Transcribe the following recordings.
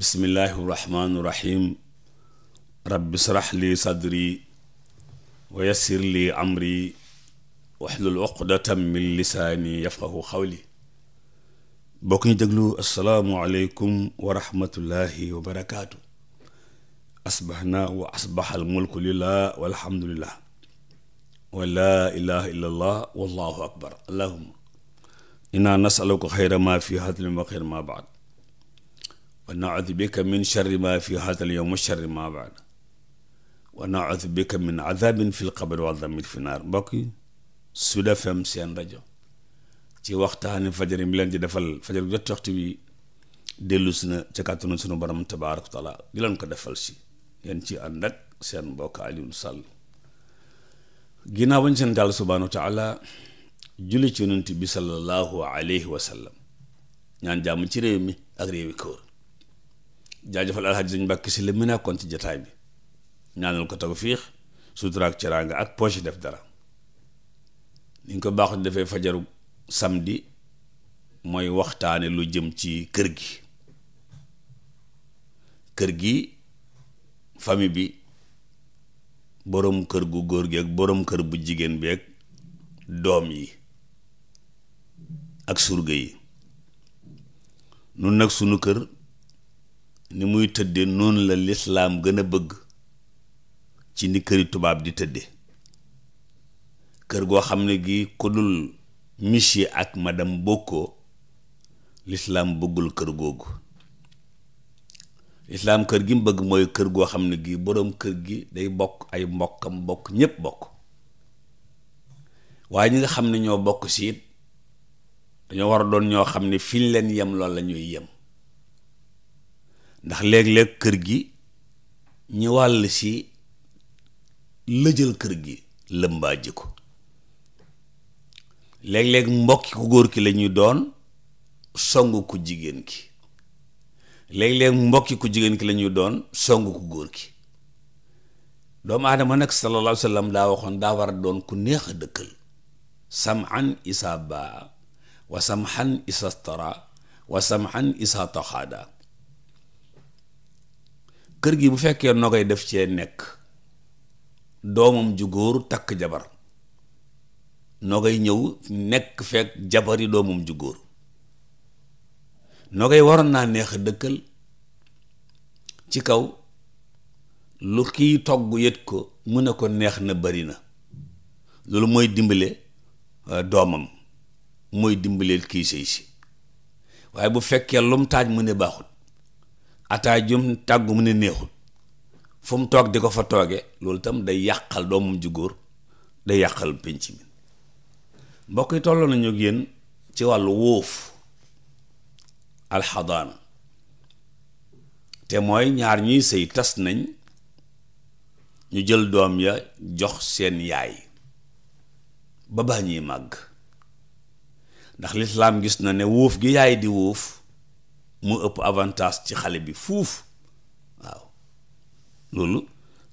bismillaahi rahmaani rahiim rabbi srax li sadri wa yassir li amri waxlul uqdatam min lisaani yafqahu xawli bokk ñu déglu assalaamu aleykum wa rahmatullaahi wa barakaatu asbaxna wa asbaxal mulku lillah walhamdulillah wa laa ilaha illa allah wallahu akbar allahuma inna nasaluka xayra ma fi hadlim wa xayra ma baad wa naudu bika min sharri ma fi hada al yowm wa sharri ma baad wa naudu bika min adabin fi lqabri wa adabin fi naar mbokk yi Sud FM seen rajo ci waxtaani fajar mi leen di defal fajar jot waxtu bi dellu si na ca kàttanu sunu borom tabaaraka wa taala di leen ko defal si ngeen ci ànd ak seen mbokk Alioune Sall ginnaaw bañ seen taal subhaanahu wa taala julli ci yonent bi sallallahu alayhi wa sallam ñaan jàmm ci réew mi ak réewi kóor jaajëfal alxaaji sëñ Mbàkke si la mën kon ci jataay bi ñaanal ko tawfiix sutura ak ceraanga ak poche def dara liñ ñu ko baaxut defee fajaru samdi mooy waxtaane lu jëm ci kër gi kër gi famille bi boroom kër gu góor gi ak boroom kër bu jigéen bi ak doom yi ak surga yi nun nag sunu kër ni muy tëdde noonu la lislaam gën a bëgg ci ni këri tubaab di tëdde kër goo xam ne gi ku dul monsieur ak madame bokkoo lislaam bëggul kër googu lislaam kër gi mu bëgg mooy kër goo xam ne gi boroom kër gi day bokk ay mbokkam bokk ñépp bokk waaye ñi nga xam ne ñoo bokk si dañoo war a doon ñoo xam ne fii leen yem loolu la ñuy yem ndax léeg-léeg kër gi ñu wàll si lëjal kër gi lëmbaaji ko léeg-léeg mbokki ku góor ki lañuy doon song ku jigéen ki léeg-léeg mbokki ku jigéen ki la ñuy doon song ku góor ki doomu aadama nag sallallahu alayhi wa sallam daa waxoon daa war a doon ku neex a dëkkal sam'an isa baa wa sam'an isa stara wa sam'an isa taxaada kër gi bu fekkee nogay def cee nekk doomam ju góor takk jabar nogay ñëw nekk fekk jabar yi doomam ju góor nogay waroon naa neex a dëkkal ci kaw lu kiy togg yët ko mu ne ko neex na bari na loolu mooy dimbale euh, doomam mooy dimbaleel kii sëy si waaye bu fekkee lum taaj mu ne baaxut ataajum tàggu mu ne neexul fu toog di ko fa tooge loolu itam day yàqal doomam ju góor day yàqal pénc mi mbokk yi tolloo nañu ak ci wàllu wóof alxadaana te mooy ñaar ñuy sëy tas nañ ñu jël doom ya jox seen yaay ba baa màgg ndax lislaam gis na ne wóof gi yaay di wóof mu ëpp avantage ci xale bi fuuf waaw loolu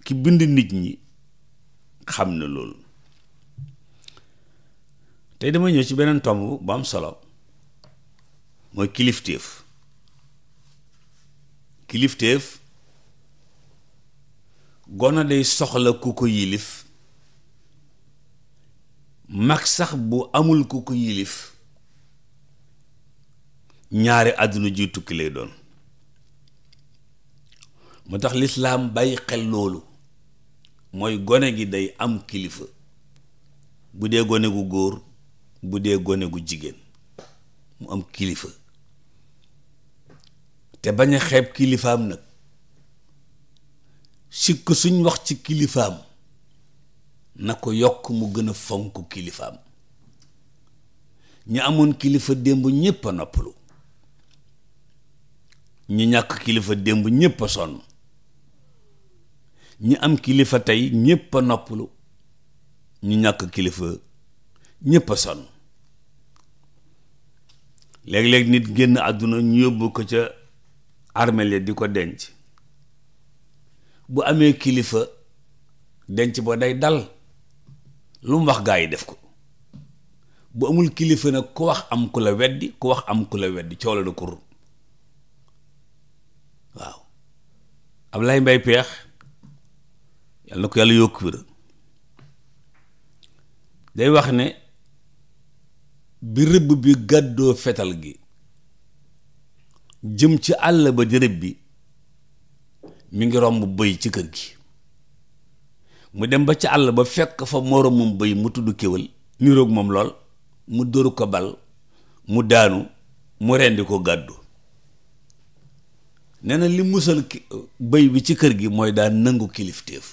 ki bind nit ñi xam na loolu tey dama ñëw ci beneen tomb bu am solo mooy kilifteef kilifteef gone day soxla ku ko yilif mag sax bu amul ku ko yilif ñaari àdduna ji tukki lay doon moo tax lislaam bay xel loolu mooy gone gi day am kilifa bu dee gone gu góor bu dee gone gu jigéen mu am kilifa te bañ a xeeb kilifaam nag sikk suñ wax ci kilifaam na ko yokk mu gën a fonk kilifaam ñi amoon kilifa démb ñépp a noppalu ñu ñàkk kilifa démb ñépp a sonn ñi am kilifa tey ñépp a noppalu ñu ñàkk kilifa ñépp a sonn léeg-léeg nit génn àdduna ñu yóbbu ko ca armeel ya di ko denc bu amee kilifa denc ba day dal lu mu wax gaa yi def ko bu amul kilifa nag ku wax am ku la weddi ku wax am ku la weddi coow kur waaw Ablaye Mbaye Peex yàlla na ko yàlla yokk wér day wax ne bi rëbb bi gàddoo fetal gi jëm ci àll ba di rëbb bi ngi romb bëy ci kër gi mu dem ba ci àll ba fekk fa moroomum bëy mu tudd kéwal niroog moom lool mu dóoru ko bal mu daanu mu rendi ko gàddu nena li musal bëy bi ci kër gi mooy daa nangu kilifteef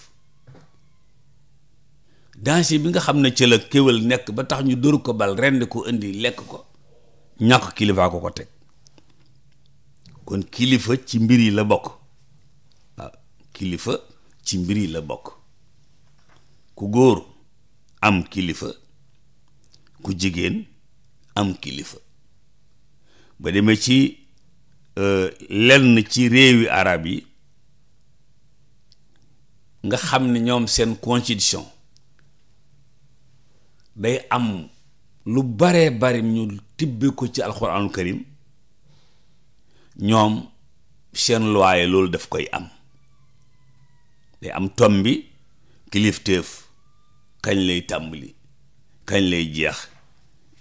danger bi nga xam ne ci la nekk ba tax ñu dóor ko bal rend ko indi lekk ko ñàkk kilifaa ko ko teg kon kilifa ci mbir yi la bokk waaw ah, kilifa ci mbir yi la bokk ku góor am kilifa ku jigéen am kilifa ba demee ci Euh, lenn ci réewi arab yi nga xam ni ñoom seen constitution day am lu baree bari ñu tibbi ko ci alxuraanul karim ñoom seen luwaaye loolu daf koy am day am tombi bi kilifteef kañ lay tàmbali kañ lay jeex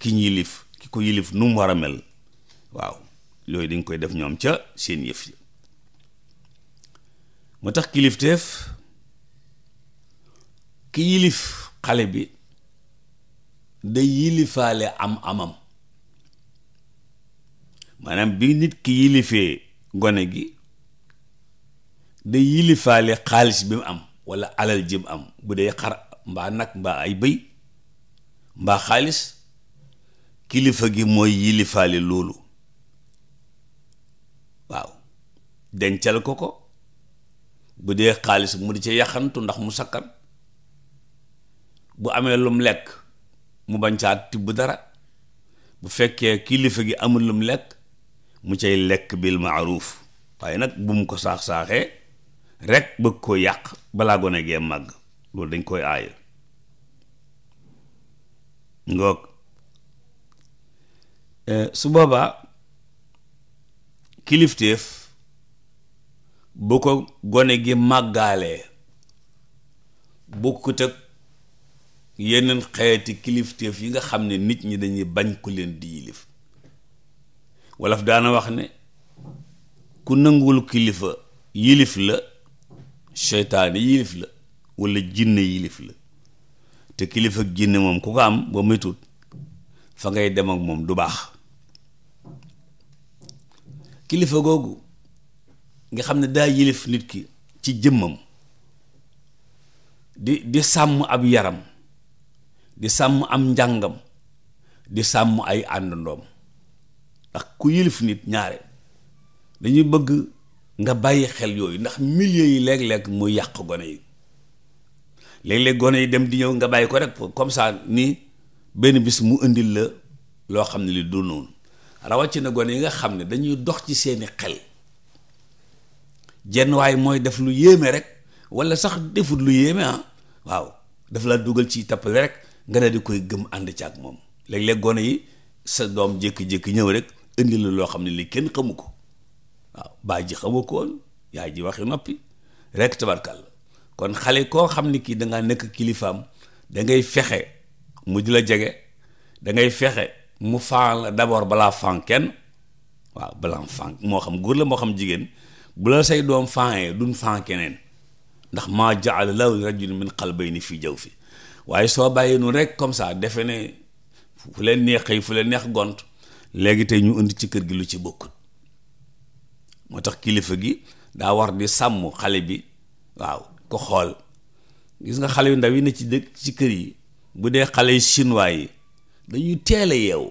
ki ñu yilif ki ko yilif nu mu war a mel waaw loolu dañ koy def ñoom ca seen yëf yi moo tax kilifteef ki yilif xale bi day yilifaale am amam maanaam bi nit ki yilifee gone gi day yilifaale xaalis bi am walla alal ji mu am bu dee xar mbaa nag mbaa ay bëy mbaa xaalis kilifa gi mooy yilifaale loolu dencal ko ko bu dee xaalis mu di ci yaxantu ndax mu sakkan bu amee lum lekk mu bañ caa tibb dara bu fekkee kilifa gi amul lum lekk mu cay lekk bil maaruf waaye nag bu mu ko saax-saaxee rek bëgg ko yàq balaa gone gee màgg loolu dañ koy aaya ngoog eh, su boobaa kilifteef bu ko gone gi màggaale bokkut ak yeneen xeeti kilifteef yi nga xam ne nit ñi dañuy bañ ku leen di yilif wolof daana wax ne ku nanguwul kilifa yilif la seytaane yilif la walla jinne yilif la te kilifa ak jinne moom ku ko am ba metut fa ngay dem moom du baax kilifa googu nga xam ne daa yilif nit ki ci jëmmam di di sàmm ab yaram di sàmm am njàngam di sàmm ay àndandoom ndax ku yilif nit ñaare dañuy bëgg nga bàyyi xel yooyu ndax milieu yi léeg-léeg muy yàq gone yi léeg-léeg gone yi dem di ñëw nga bàyyi ko rek comme ça ni benn bis mu indil la loo xam ne li du noonu na gone yi nga xam ne dañuy dox ci seeni xel jenn waaye mooy def lu yéeme rek wala sax defut lu yéeme ah waaw daf la dugal ci tappale rek nga ne di koy gëm ànd ci ak moom léeg-léeg gone yi sa doom jékki-jékki ñëw rek indi la loo xam ne li kenn xamu ko waaw baay ji xamu ko yaay ji waxi noppi rek tabarkàlla kon xale koo xam ni kii danga nekk kilifaam dangay fexe mu di la jege da ngay fexe mu faan la d'abord balaa faan kenn waaw balaa faan moo xam góor la moo xam jigéen bu la say doom fànee duñ fan keneen ndax maa jaala lahu li rajulin min qalbayni fii jaw fi waaye soo bàyyi nu rek comme ça defe ne fu leen neex xëy neex gont léegi tey ñu indi ci kër gi lu ci bokkut moo tax kilifa gi daa war di sàmm xale bi waaw ko xool gis nga xale yu ndaw yi ne ci dëkk ci kër yi bu dee xale yi chinois yi dañuy teel a yeewu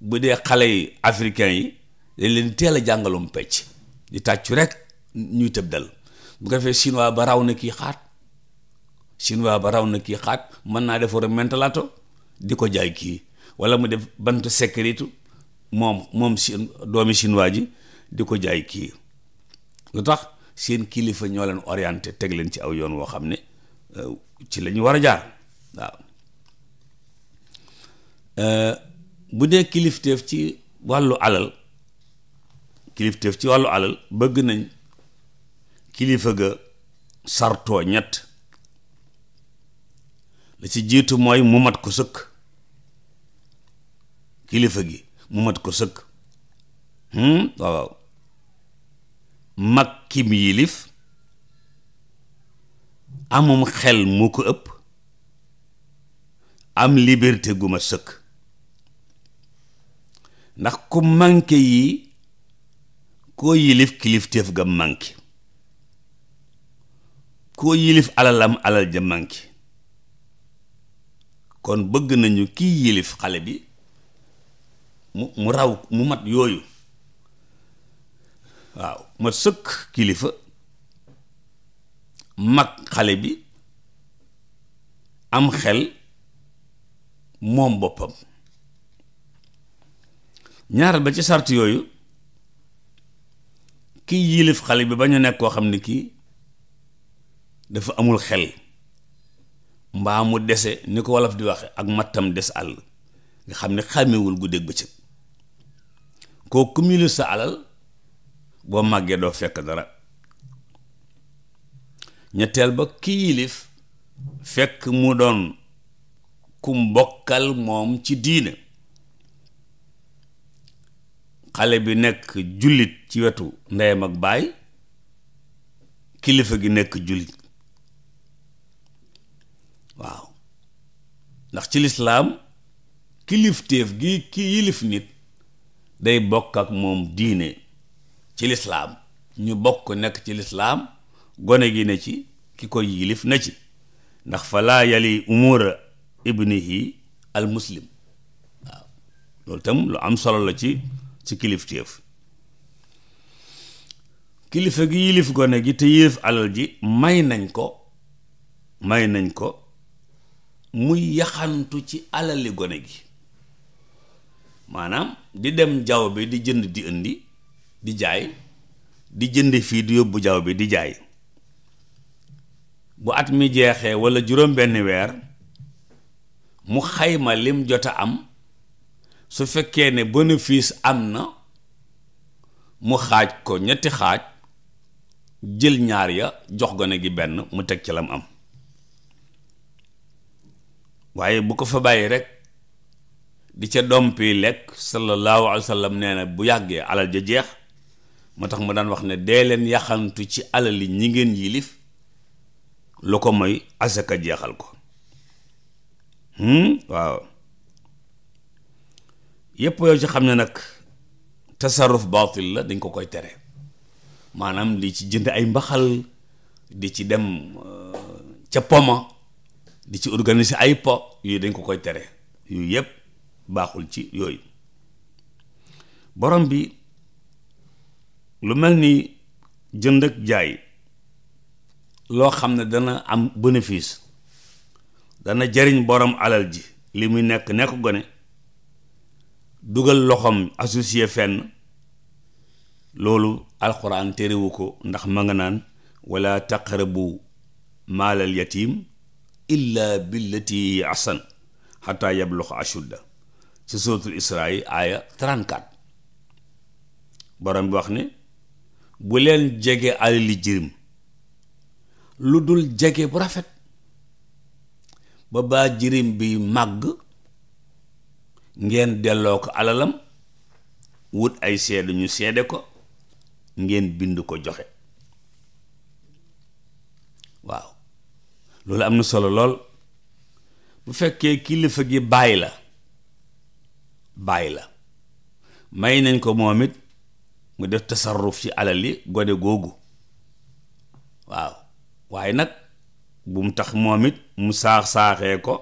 bu dee xale yi africain yi dañ leen teel a jàngalum pecc di tàccu rek ñuy tëb dal bu ko defee chinois ba raw na kii xaat chinois ba raw na kii xaat mën naa defar mentalato di ko jaay kii wala mu def bant sécurité moom moom seen doomi chinois ji di ko jaay kii lu tax seen kilifa ñoo leen orienté teg leen ci aw yoon woo xam ne euh, ci la ñu war a jaar waaw euh, bu dee kilifteef ci wàllu alal kilifteef ci wàllu alal bëgg nañ kilifa ga sartoo ñett la ci jiitu mooy mu mat ko sëkk kilifa gi mu mat ko sëkk hmm? waaw waaw mag kim yilif amum xel mu ko ëpp am liberté gu ma sëkk ndax ku manqué yi koo yilif kilifteef ga mànki koo yilif alalam alal ja mànki kon bëgg nañu kii yilif xale bi mu mu raw mu mat yooyu waaw ma sëkk kilifa mag xale bi am xel moom boppam ñaaral ba ci sart yooyu kiy yilif xale bi ba ñu nekk koo xam ne kii dafa amul xel mbaa mu dese ni ko wolof di waxe ak mattam des àll nga xam ne xàmmewul guddeeg bëccëg koo ku mu yilif sa alal boo màggee doo fekk dara ñetteel ba ki yilif fekk mu doon ku mbokkal moom ci diine xale bi nekk jullit ci wetu ndeyam ak baay kilifa gi nekk jullit waaw ndax ci lislaam kilifteef gi ki yilif nit day bokk ak moom diine ci lislaam ñu bokk nekk ci lislaam gone gi ne ci ki koy yilif na ci ndax falaa yali umura ibnihi al muslim waaw loolu tam lu am solo la ci ci kilifteef kilifa gi yilif gone gi te yilif alal ji may nañ ko may nañ ko muy yaxantu ci alali gone gi maanaam di dem jaww bi di jënd di indi di jaay di jënd fii di yóbbu jaww bi di jaay bu at mi jeexee walla juróom benn weer mu xayma lim jot a am su fekkee ne bénéfice am na mu xaaj ko ñetti xaaj jël ñaar ya jox gone gi benn mu teg ci lam am waaye bu ko fa bàyyi rekk di ca dompi lekk sallallahu alayhi wa sallam nee bu yàggee alal ja jeex moo tax mu daan wax ne dee leen yaxantu ci alali ñi ngeen yilif lu ko mooy asaka jeexal ko hmm? waaw yépp yoo ci xam ne nag tasarruf baatil la dañ ko koy tere maanaam li ci jënd ay mbaxal di ci dem euh, ca poma di ci organiser ay po yooyu dañ ko koy tere yooyu yépp baaxul ci yooyu borom bi lu mel ni jënd ak jaay loo xam ne dana am bénéfice dana jariñ borom alal ji li muy nekk nekk gone dugal loxom associé fenn loolu alxuraan terewu ko ndax ma nga naan walla taqrabu maalal yatim illa billati ahsan xataa yabluxa ashudda ci suratul isra yi aaya 34 borom bi wax ne bu leen jege alali jirim lu dul jege bu rafet ba baa jirim bi màgg ngeen delloo ko alalam wut ay seede ñu seede ko ngeen bind ko joxe waaw loolu am na solo lool bu fekkee kilifa gi bàyyi la bàyyi la may nañ ko moom it mu def tasarruf ci alal yi gone googu waaw waaye nag bu mu tax moom it mu saax saaxee ko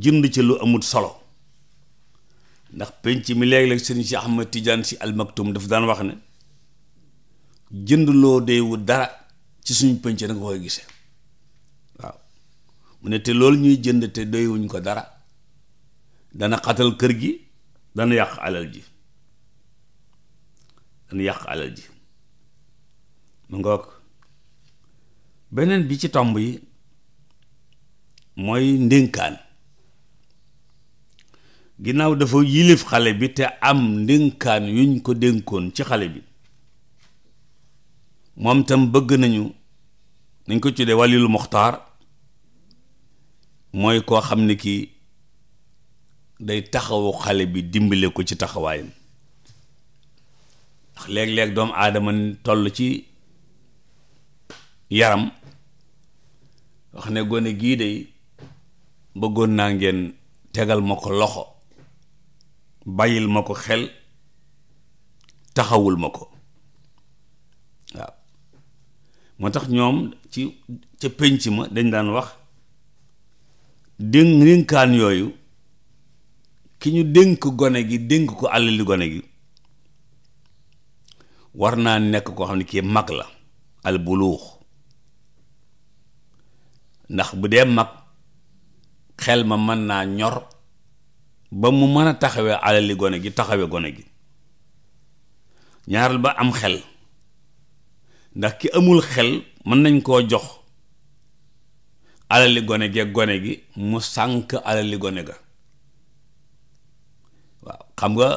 jënd ci lu amut solo ndax penc mi léeg-léeg sëriñ si Ahmad Tidiane si almaktum dafa daan wax ne jënd loo deewu dara ci suñu penc da nga koy gisee waaw mu ne te loolu ñuy jënd te doywuñ ko dara dana xatal kër gi dana yàq alal ji dana yàq alal ji mu ngoog beneen bi ci tomb yi mooy ndénkaan ginnaaw dafa yilif xale bi te am ndénkaan yuñ ko dénkoon ci xale bi moom tam bëgg nañu dañ ko tuddee wàllilu moxtaar mooy koo xam ne kii day taxawu xale bi dimbale ko ci taxawaay ndax léeg-léeg doomu aadama toll ci yaram wax ne gone gii day bëggoon naa ngeen tegal ma ko loxo bàyyil ma ko xel taxawul ma ko waaw moo tax ñoom ci ca pénc ma dañ daan wax dénk dénkaan yooyu ki ñu dénk gone gi dénk ko àllali gone gi war naa nekk koo xam ne kii mag la al buluux ndax bu dee mag xel ma mën naa ñor ba mu mën a taxawee alali gone gi taxawe gone gi ñaaral ba am xel ndax ki amul xel mën nañ koo jox alali gone gi ak gone gi mu sànk alali gone ga waaw xam nga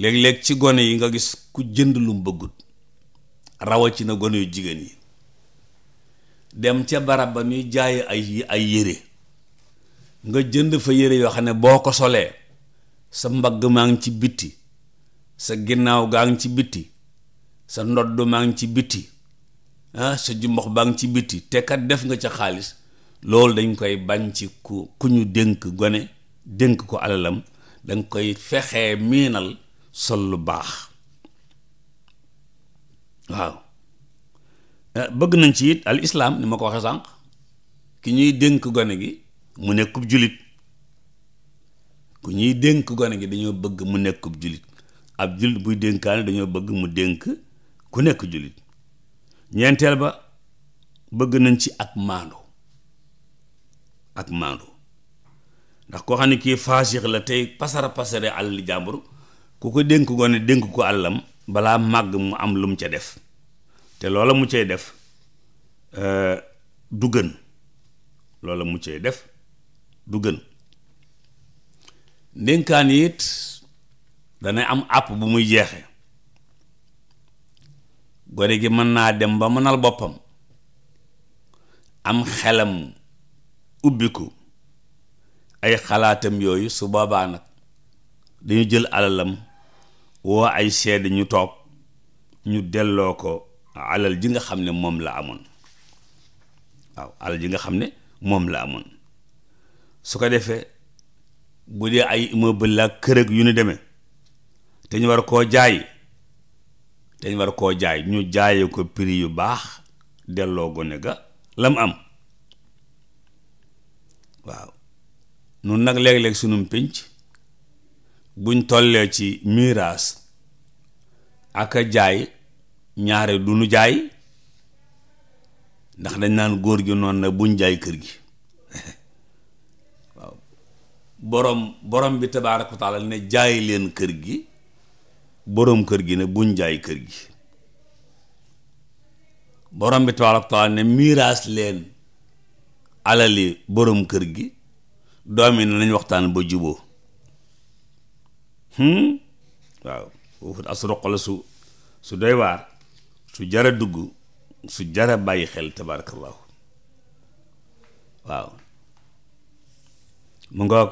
léeg-léeg ci gone yi nga gis ku jënd lu mu bëggut rawatina gone yu jigéen yi dem ca barab ba ñuy jaay ay ay yére nga jënd fa yére yoo xam ne boo ko solee sa mbagg maa ngi ci bitti sa ginnaaw gaa ci bitti sa ndodd maa ngi ci bitti ah sa jumbox baa ci bitti te kat def nga ca xaalis loolu dañ koy bañ ci ku ku ñu dënk gone dënk ko alalam danga koy fexee miinal sol lu baax waaw eh, bëgg nañ ci yit al islaam ni ma ko waxee sànq ki ñuy dënk gone gi mu nekkub julit ku ñuy dénk gone gi dañoo bëgg mu nekkub julit ab julit buy dénkaane dañoo bëgg mu dénk ku nekk julit ñeenteel ba bëgg nañ ci ak maando ak maandu ndax koo xam ne kii faasix la tey pasara pasare àll jàmbur ku ko dénk gone dénk ko àllam balaa màgg mu am lu mu ca def te loola mu cay def euh, du gën loola mu cay def du gën ndénkaan it danay am àpp bu muy jeexe gone gi mën naa dem ba mënal boppam am xelam ubbiku ay xalaatam yooyu su boobaa nag dañu jël alalam woo ay seede ñu toog ñu delloo ko alal ji nga xam ne moom la amoon waaw alal ji nga xam ne moom la amoon su ko defee bu dee ay immeuble la kër ak yu ñu demee te ñu war koo jaay te ñu war koo jaay ñu jaayee ko prix yu baax delloo gone ga lam am waaw nun nag léeg sunu sunum pénc buñ tollee ci miraas ak a jaay ñaare du nu jaay ndax dañ naan góor gi noonu na buñ jaay kër gi borom borom bi tabaaraka wa ne jaay leen kër gi borom kër gi ne buñ jaay kër gi borom bi tabaaraka wa taala ne miiraas leen alali borom kër gi doom yi ne nañ waxtaan ba juboo hmm? waaw foofu asroq la su su doy waar su jara dugg su jara bàyyi xel tabaarakallaahu waaw mu ngoog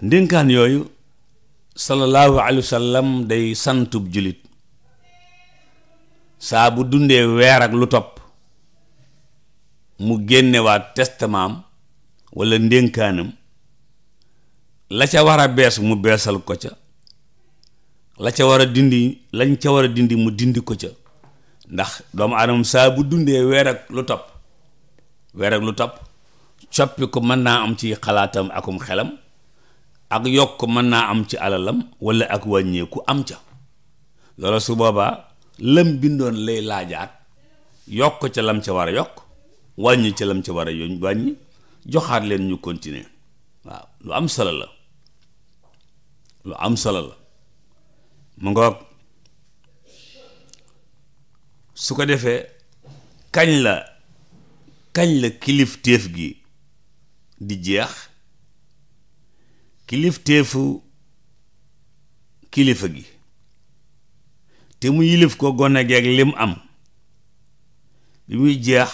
ndénkaan yooyu sallallahu alayhi wa sallam day santub jullit saa bu dundee weer lu topp mu génnewaat testament walla ndénkaanam la ca war bees mu beesal ko ca la ca wara dindi lañ ca war a dindi mu dindi ko ca ndax doomu aadama saa bu dundee weer ak lu topp weer lu topp coppi ko mën naa am ci xalaatam akum xelam ak yokk mën naa am ci alalam wala ak wàññeeku am ca loola su boobaa lam bindoon lay laajaat yokk ca lam ca war a yokk wàññi ca lam ca war a yoñ wàññi joxaat leen ñu continuer waaw lu am solo la lu am solo la mu ngoog su ko defee kañ la kañ la kilifteef gi di jeex kilifteefu kilifa gi te mu yilif ko gone geeg lim am bi muy jeex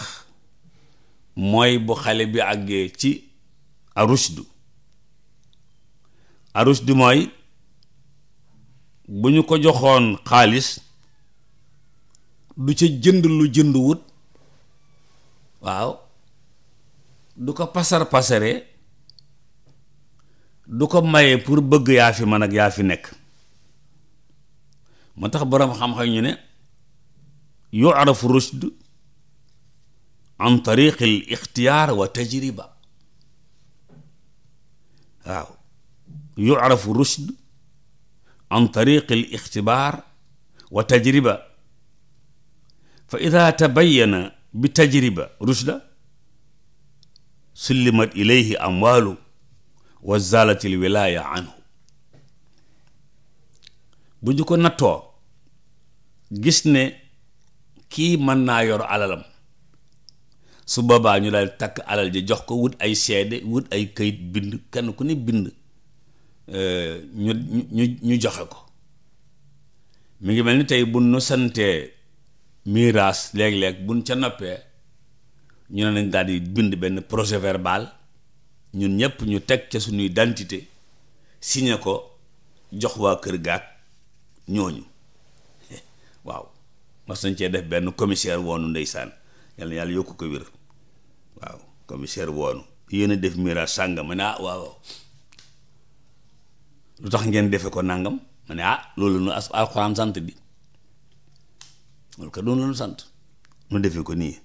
mooy bu xale bi àggee ci arushdu arushdu mooy bu ñu ko joxoon xaalis du ca jënd lu jënd wut waaw du ko pasar pasare du ko maye pour bëgg yaa fi man ak yaa fi nekk moo tax boroom xam-xam ñu ne yu'rafu rushd an tariq al ixtiyaar wa tajriba waaw yu'rafu rushd an tariq al ixtibaar wa tajriba fa ida tabayana bi tajriba rushda sullimat ilayhi amwaalu wa zalatil wilaaya anhu bu ñu ko nattoo gis ne kii mën naa yor alalam su boobaa ñu daal takk alal ji jox ko wut ay seede wut ay këyit bind kenn ku ne bind eh, ñu ñu ñu joxe ko mu ngi mel ni tey bu nu santee miraas léeg-léeg buñ ca noppee ñu ne nañ daal bind benn projet verbal ñun ñëpp ñu teg ca suñuy identité signé ko jox waa kër gaag ñooñu waaw mas nañ cee def benn commissaire woonu ndeysaan yal na yàlla yokk ko wér waaw commissaire woonu yéen def mira sànga ma ne ah waaw lu tax ngeen defe ko nàngam ma ne ah loolu nu as alxuraan sant bi loolu kat doon la nu sant nu defee ko nii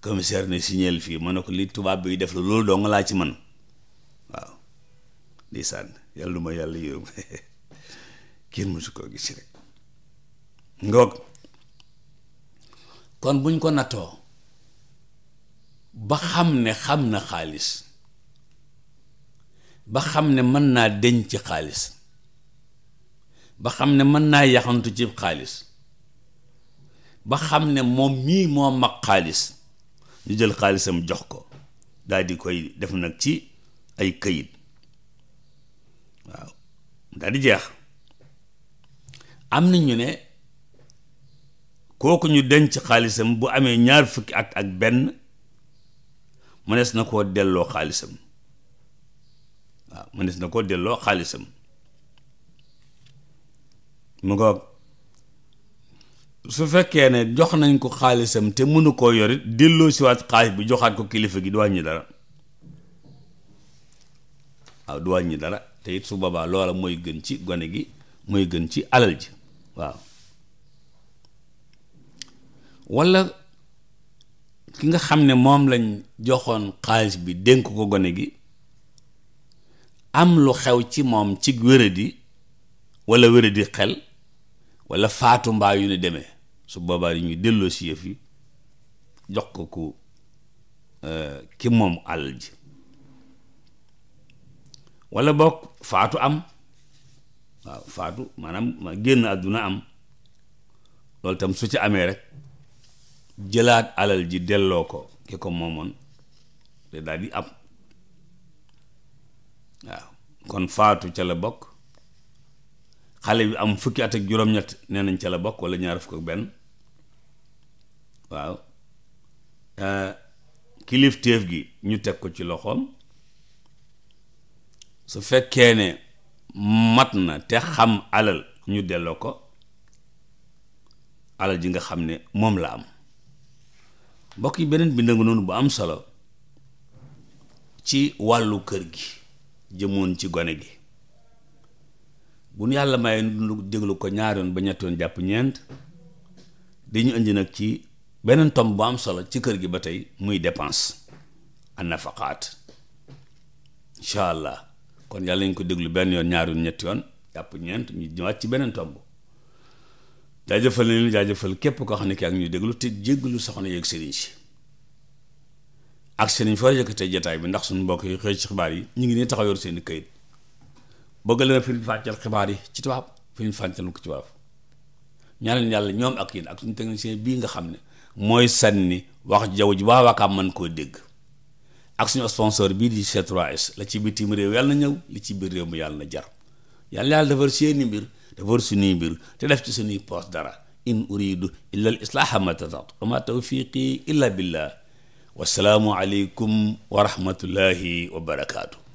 commissaire ne signal fii ma ne ko li tubaab bi def la loolu doo nga laa ci man waaw di sànn yàlla du ma yàlla yërëm kenn mësu koo gis rek ngoog kon buñ ko natoo ba xam ne xam na xaalis ba xam ne mën naa denc ci xaalis ba xam ne mën naa yaxantu ci xaalis ba xam ne moom mii moo mag xaalis ñu jël xaalisam jox ko daal di koy def nag ci ay këyit waaw daal di jeex am na ñu ne kooku ñu denc xaalisam bu amee ñaar fukki at ak benn mënees na koo delloo xaalisam waaw mënees na koo delloo xaalisam mu ngoog su fekkee ne jox nañ ko xaalisam te mënu koo yorit delloo siwaat xaalis bi joxaat ko kilifa gi du wàññi dara waaw du wàññi dara te it su boobaa loola mooy gën ci gone gi mooy gën ci alal ji waaw walla ki nga xam ne moom lañ joxoon xaalis bi dénk ko gone gi am lu xew ci moom ci wéradi walla wéradi xel wala faatu mbaa yu ni demee su boobaa yi ñuy delloo si yëf yi jox ko ku euh, ki moom àll ji wala bokk faatu am waaw faatu maanaam ma génn àdduna am loolu tam su ci amee rek jëlaat alal ji delloo ko ki ko moomoon te daal di am waaw kon faatu ca la bokk xale bi am fukki at ak juróom-ñett nee nañ ca la bokk wala ñaar fukk ak benn waaw euh, kilifteef gi ñu teg ko ci loxoom su fekkee ne mat na te xam alal ñu delloo ko alal ji nga xam ne moom la am mbokk yi beneen bind nga noonu bu am solo ci wàllu kër gi jëmoon ci gone gi bu nu yàlla maye nu déglu ko ñaari yoon ba ñetti yoon jàpp ñeent dañu indi nag ci beneen tomb bu am solo ci kër gi ba tey muy dépense an nafaqaat incha allah kon yàlla nañ ko déglu benn yoon ñaari yoon ñetti yoon jàpp ñeent ñu ñëwaat ci beneen tomb jaajëfal nañu jaajëfal képp koo xam ne ki ak ñuy déglu te lu soxna yeeg sëriñ si ak sëriñ foo yëkkatee jotaay bi ndax suñu mbokk yi xëy ci xibaar yi ñu ngi nii taxaw yor seen i këyit bëgg na fi ñu fàncal xibaar yi ci tubaab fi fàncal ko ci tubaab ñaanal yàlla ñoom ak yéen ak suñu technicien bii nga xam ne mooy sànni wax jaww ji waa Wakaam man koo dégg ak suñu sponsor bii di C3S la ci bitim réew yàlla na ñëw li ci biir réew mi yàlla na jar yàlla yàlla defar seeni mbir defar suñuy mbir te def ci suñuy poos dara in uridu illa al islaaha ma tataatu wa ma tawfiqi illa billah wasalaamu aleykum wa rahmatullahi wa barakaatu